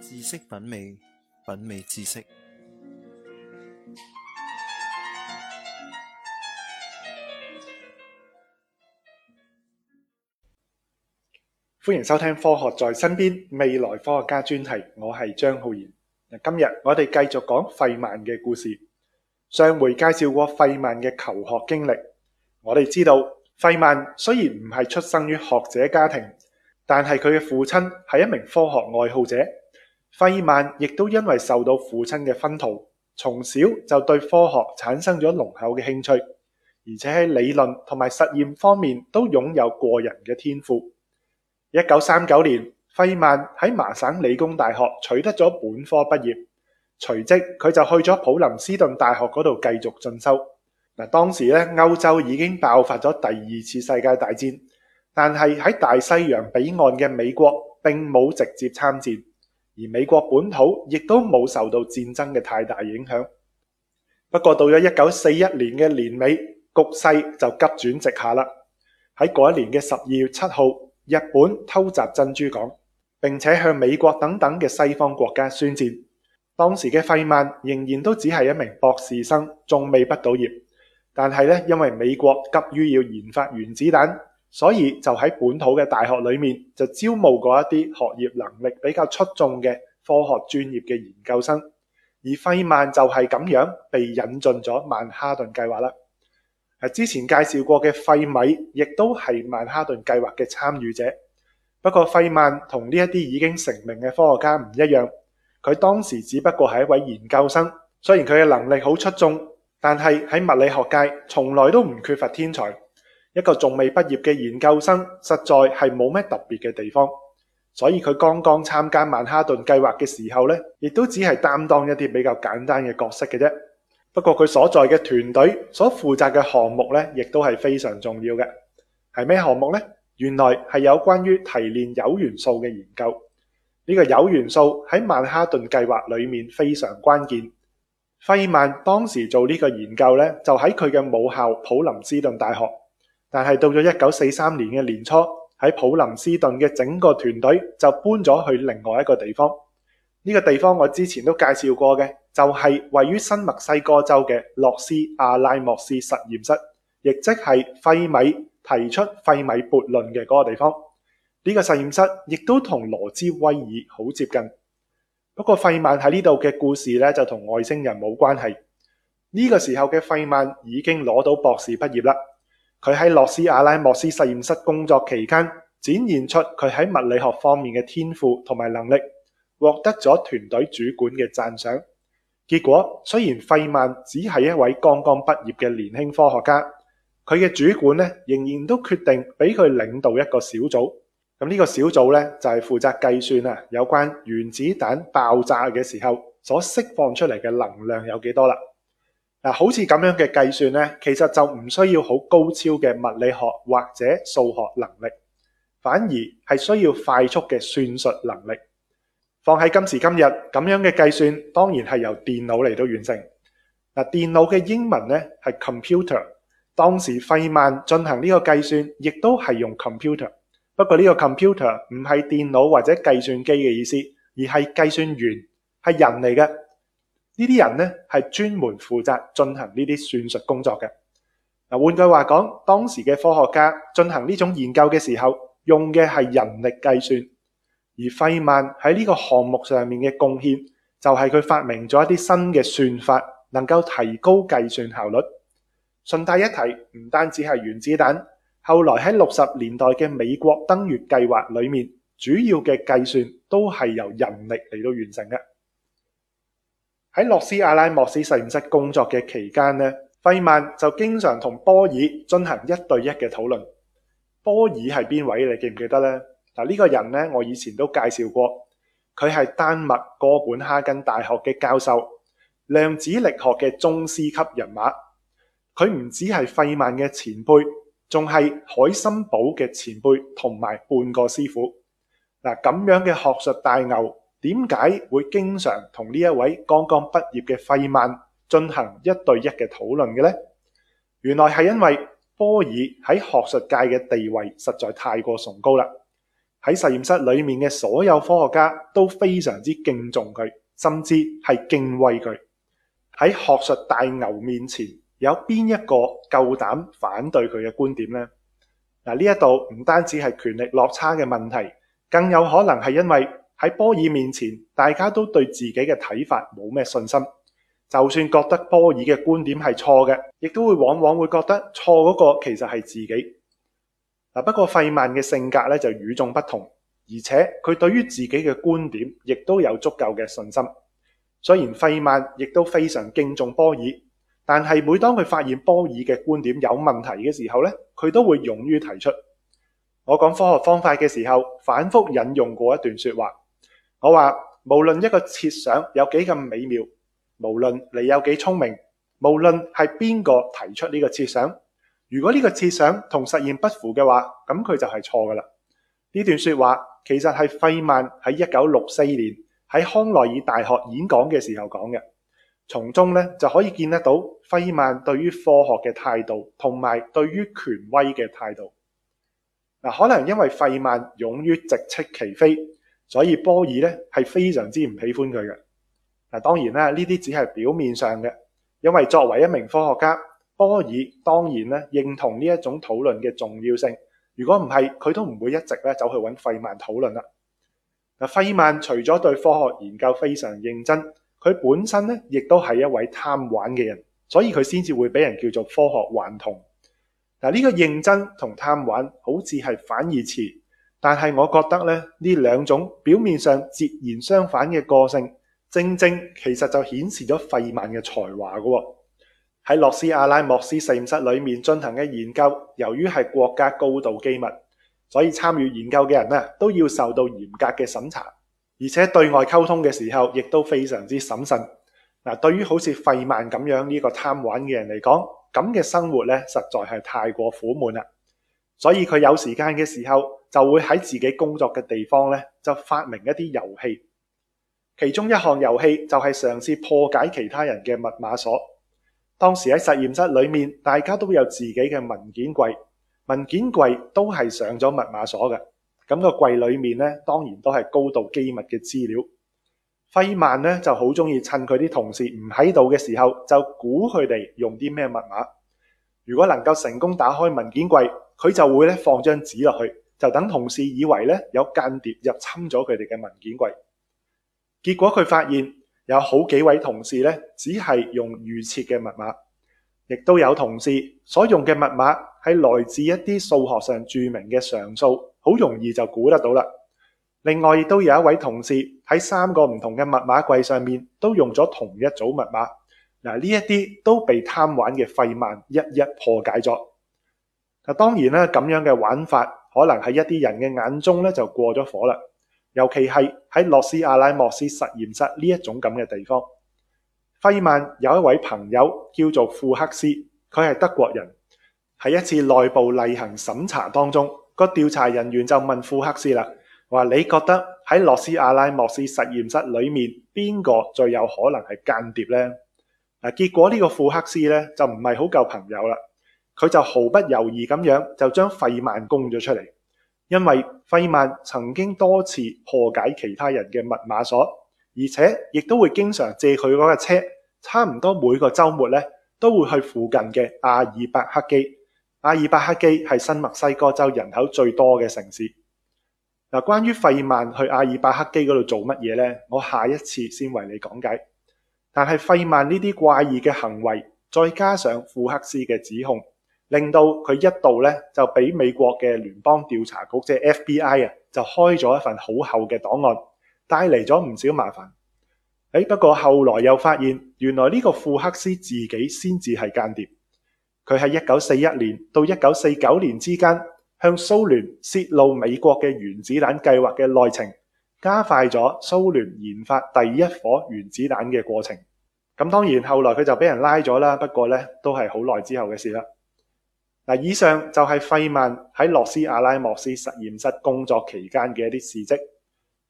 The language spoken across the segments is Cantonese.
知識品味，品味知識。歡迎收聽《科學在身邊》未來科學家專題，我係張浩然。今日我哋繼續講費曼嘅故事。上回介紹過費曼嘅求學經歷，我哋知道費曼雖然唔係出生於學者家庭。但係佢嘅父親係一名科學愛好者，費曼亦都因為受到父親嘅熏陶，從小就對科學產生咗濃厚嘅興趣，而且喺理論同埋實驗方面都擁有過人嘅天賦。一九三九年，費曼喺麻省理工大學取得咗本科畢業，隨即佢就去咗普林斯頓大學嗰度繼續進修。嗱，當時咧歐洲已經爆發咗第二次世界大戰。但係喺大西洋彼岸嘅美國，並冇直接參戰，而美國本土亦都冇受到戰爭嘅太大影響。不過到咗一九四一年嘅年尾，局勢就急轉直下啦。喺嗰一年嘅十二月七號，日本偷襲珍珠港，並且向美國等等嘅西方國家宣戰。當時嘅費曼仍然都只係一名博士生，仲未畢到業。但係咧，因為美國急於要研發原子彈。所以就喺本土嘅大學裏面，就招募過一啲學業能力比較出眾嘅科學專業嘅研究生。而費曼就係咁樣被引進咗曼哈頓計劃啦。之前介紹過嘅費米亦都係曼哈頓計劃嘅參與者。不過費曼同呢一啲已經成名嘅科學家唔一樣，佢當時只不過係一位研究生。雖然佢嘅能力好出眾，但係喺物理學界從來都唔缺乏天才。一個仲未畢業嘅研究生，實在係冇咩特別嘅地方。所以佢剛剛參加曼哈頓計劃嘅時候呢，亦都只係擔當一啲比較簡單嘅角色嘅啫。不過佢所在嘅團隊所負責嘅項目呢，亦都係非常重要嘅。係咩項目呢？原來係有關於提煉鈾元素嘅研究。呢個鈾元素喺曼哈頓計劃裏面非常關鍵。費曼當時做呢個研究呢，就喺佢嘅母校普林斯頓大學。但係到咗一九四三年嘅年初，喺普林斯頓嘅整個團隊就搬咗去另外一個地方。呢個地方我之前都介紹過嘅，就係位於新墨西哥州嘅洛斯阿拉莫斯實驗室，亦即係費米提出費米悖論嘅嗰個地方。呢個實驗室亦都同羅茲威爾好接近。不過費曼喺呢度嘅故事咧就同外星人冇關係。呢個時候嘅費曼已經攞到博士畢業啦。佢喺洛斯阿拉莫斯實驗室工作期間，展現出佢喺物理學方面嘅天賦同埋能力，獲得咗團隊主管嘅讚賞。結果，雖然費曼只係一位剛剛畢業嘅年輕科學家，佢嘅主管咧仍然都決定俾佢領導一個小組。咁呢個小組咧就係負責計算啊有關原子彈爆炸嘅時候所釋放出嚟嘅能量有幾多啦。嗱，好似咁樣嘅計算咧，其實就唔需要好高超嘅物理學或者數學能力，反而係需要快速嘅算術能力。放喺今時今日，咁樣嘅計算當然係由電腦嚟到完成。嗱，電腦嘅英文咧係 computer，當時費曼進行呢個計算，亦都係用 computer。不過呢個 computer 唔係電腦或者計算機嘅意思，而係計算員，係人嚟嘅。呢啲人呢，係專門負責進行呢啲算術工作嘅。嗱，換句話講，當時嘅科學家進行呢種研究嘅時候，用嘅係人力計算。而費曼喺呢個項目上面嘅貢獻，就係佢發明咗一啲新嘅算法，能夠提高計算效率。順帶一提，唔單止係原子彈，後來喺六十年代嘅美國登月計劃裡面，主要嘅計算都係由人力嚟到完成嘅。喺洛斯阿拉莫斯實驗室工作嘅期間呢，費曼就經常同波爾進行一對一嘅討論。波爾係邊位？你記唔記得呢？嗱、這、呢個人呢，我以前都介紹過，佢係丹麥哥本哈根大學嘅教授，量子力學嘅宗師級人馬。佢唔止係費曼嘅前輩，仲係海森堡嘅前輩，同埋半個師傅。嗱，咁樣嘅學術大牛。點解會經常同呢一位剛剛畢業嘅費曼進行一對一嘅討論嘅呢？原來係因為波爾喺學術界嘅地位實在太過崇高啦。喺實驗室裏面嘅所有科學家都非常之敬重佢，甚至係敬畏佢。喺學術大牛面前，有邊一個夠膽反對佢嘅觀點呢？嗱，呢一度唔單止係權力落差嘅問題，更有可能係因為。喺波爾面前，大家都對自己嘅睇法冇咩信心。就算覺得波爾嘅觀點係錯嘅，亦都會往往會覺得錯嗰個其實係自己。不過費曼嘅性格咧就與眾不同，而且佢對於自己嘅觀點亦都有足夠嘅信心。雖然費曼亦都非常敬重波爾，但係每當佢發現波爾嘅觀點有問題嘅時候咧，佢都會勇於提出。我講科學方法嘅時候，反覆引用過一段説話。我話，無論一個設想有幾咁美妙，無論你有幾聰明，無論係邊個提出呢個設想，如果呢個設想同實驗不符嘅話，咁佢就係錯㗎喇。呢段說話其實係費曼喺一九六四年喺康奈爾大學演講嘅時候講嘅，從中咧就可以見得到費曼對於科學嘅態度同埋對於權威嘅態度。嗱，可能因為費曼勇於直斥其非。所以波爾咧係非常之唔喜歡佢嘅。嗱，當然啦，呢啲只係表面上嘅，因為作為一名科學家，波爾當然咧認同呢一種討論嘅重要性。如果唔係，佢都唔會一直咧走去揾費曼討論啦。嗱，費曼除咗對科學研究非常認真，佢本身咧亦都係一位貪玩嘅人，所以佢先至會俾人叫做科學頑童。嗱，呢個認真同貪玩好似係反義詞。但係，我覺得咧呢兩種表面上截然相反嘅個性，正正其實就顯示咗費曼嘅才華嘅喎。喺洛斯阿拉莫斯實驗室裏面進行嘅研究，由於係國家高度機密，所以參與研究嘅人咧都要受到嚴格嘅審查，而且對外溝通嘅時候亦都非常之審慎。嗱，對於好似費曼咁樣呢個貪玩嘅人嚟講，咁嘅生活咧，實在係太過苦悶啦。所以佢有時間嘅時候，就會喺自己工作嘅地方咧，就發明一啲遊戲。其中一項遊戲就係嘗試破解其他人嘅密碼鎖。當時喺實驗室裏面，大家都有自己嘅文件櫃，文件櫃都係上咗密碼鎖嘅。咁個櫃裏面咧，當然都係高度機密嘅資料。費曼咧就好中意趁佢啲同事唔喺度嘅時候，就估佢哋用啲咩密碼。如果能夠成功打開文件櫃。佢就會咧放張紙落去，就等同事以為咧有間諜入侵咗佢哋嘅文件櫃。結果佢發現有好幾位同事咧，只係用預設嘅密碼，亦都有同事所用嘅密碼係來自一啲數學上著名嘅常數，好容易就估得到啦。另外亦都有一位同事喺三個唔同嘅密碼櫃上面都用咗同一組密碼。嗱，呢一啲都被貪玩嘅費曼一一破解咗。嗱，當然咧，咁樣嘅玩法可能喺一啲人嘅眼中咧就過咗火啦。尤其係喺洛斯阿拉莫斯實驗室呢一種咁嘅地方，費曼有一位朋友叫做富克斯，佢係德國人。喺一次內部例行審查當中，個調查人員就問富克斯啦：「話你覺得喺洛斯阿拉莫斯實驗室裏面邊個最有可能係間諜呢？」嗱，結果呢個富克斯咧就唔係好夠朋友啦。佢就毫不猶豫咁樣就將費曼供咗出嚟，因為費曼曾經多次破解其他人嘅密碼鎖，而且亦都會經常借佢嗰架車，差唔多每個週末咧都會去附近嘅阿爾伯克基。阿爾伯克基係新墨西哥州人口最多嘅城市。嗱，關於費曼去阿爾伯克基嗰度做乜嘢呢？我下一次先為你講解。但係費曼呢啲怪異嘅行為，再加上富克斯嘅指控，令到佢一度咧就俾美國嘅聯邦調查局，即係 FBI 啊，就開咗一份好厚嘅檔案，帶嚟咗唔少麻煩。誒不過後來又發現，原來呢個富克斯自己先至係間諜。佢喺一九四一年到一九四九年之間，向蘇聯泄露美國嘅原子彈計劃嘅內情，加快咗蘇聯研發第一顆原子彈嘅過程。咁當然後來佢就俾人拉咗啦，不過咧都係好耐之後嘅事啦。嗱，以上就係費曼喺洛斯阿拉莫斯實驗室工作期間嘅一啲事蹟。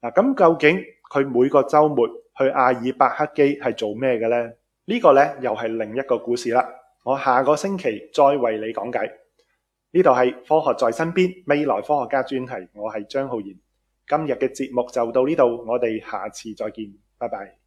嗱，咁究竟佢每個週末去阿爾伯克基係做咩嘅呢？呢個、呢個咧又係另一個故事啦。我下個星期再為你講解。呢度係科學在身邊未來科學家專題，我係張浩然。今日嘅節目就到呢度，我哋下次再見，拜拜。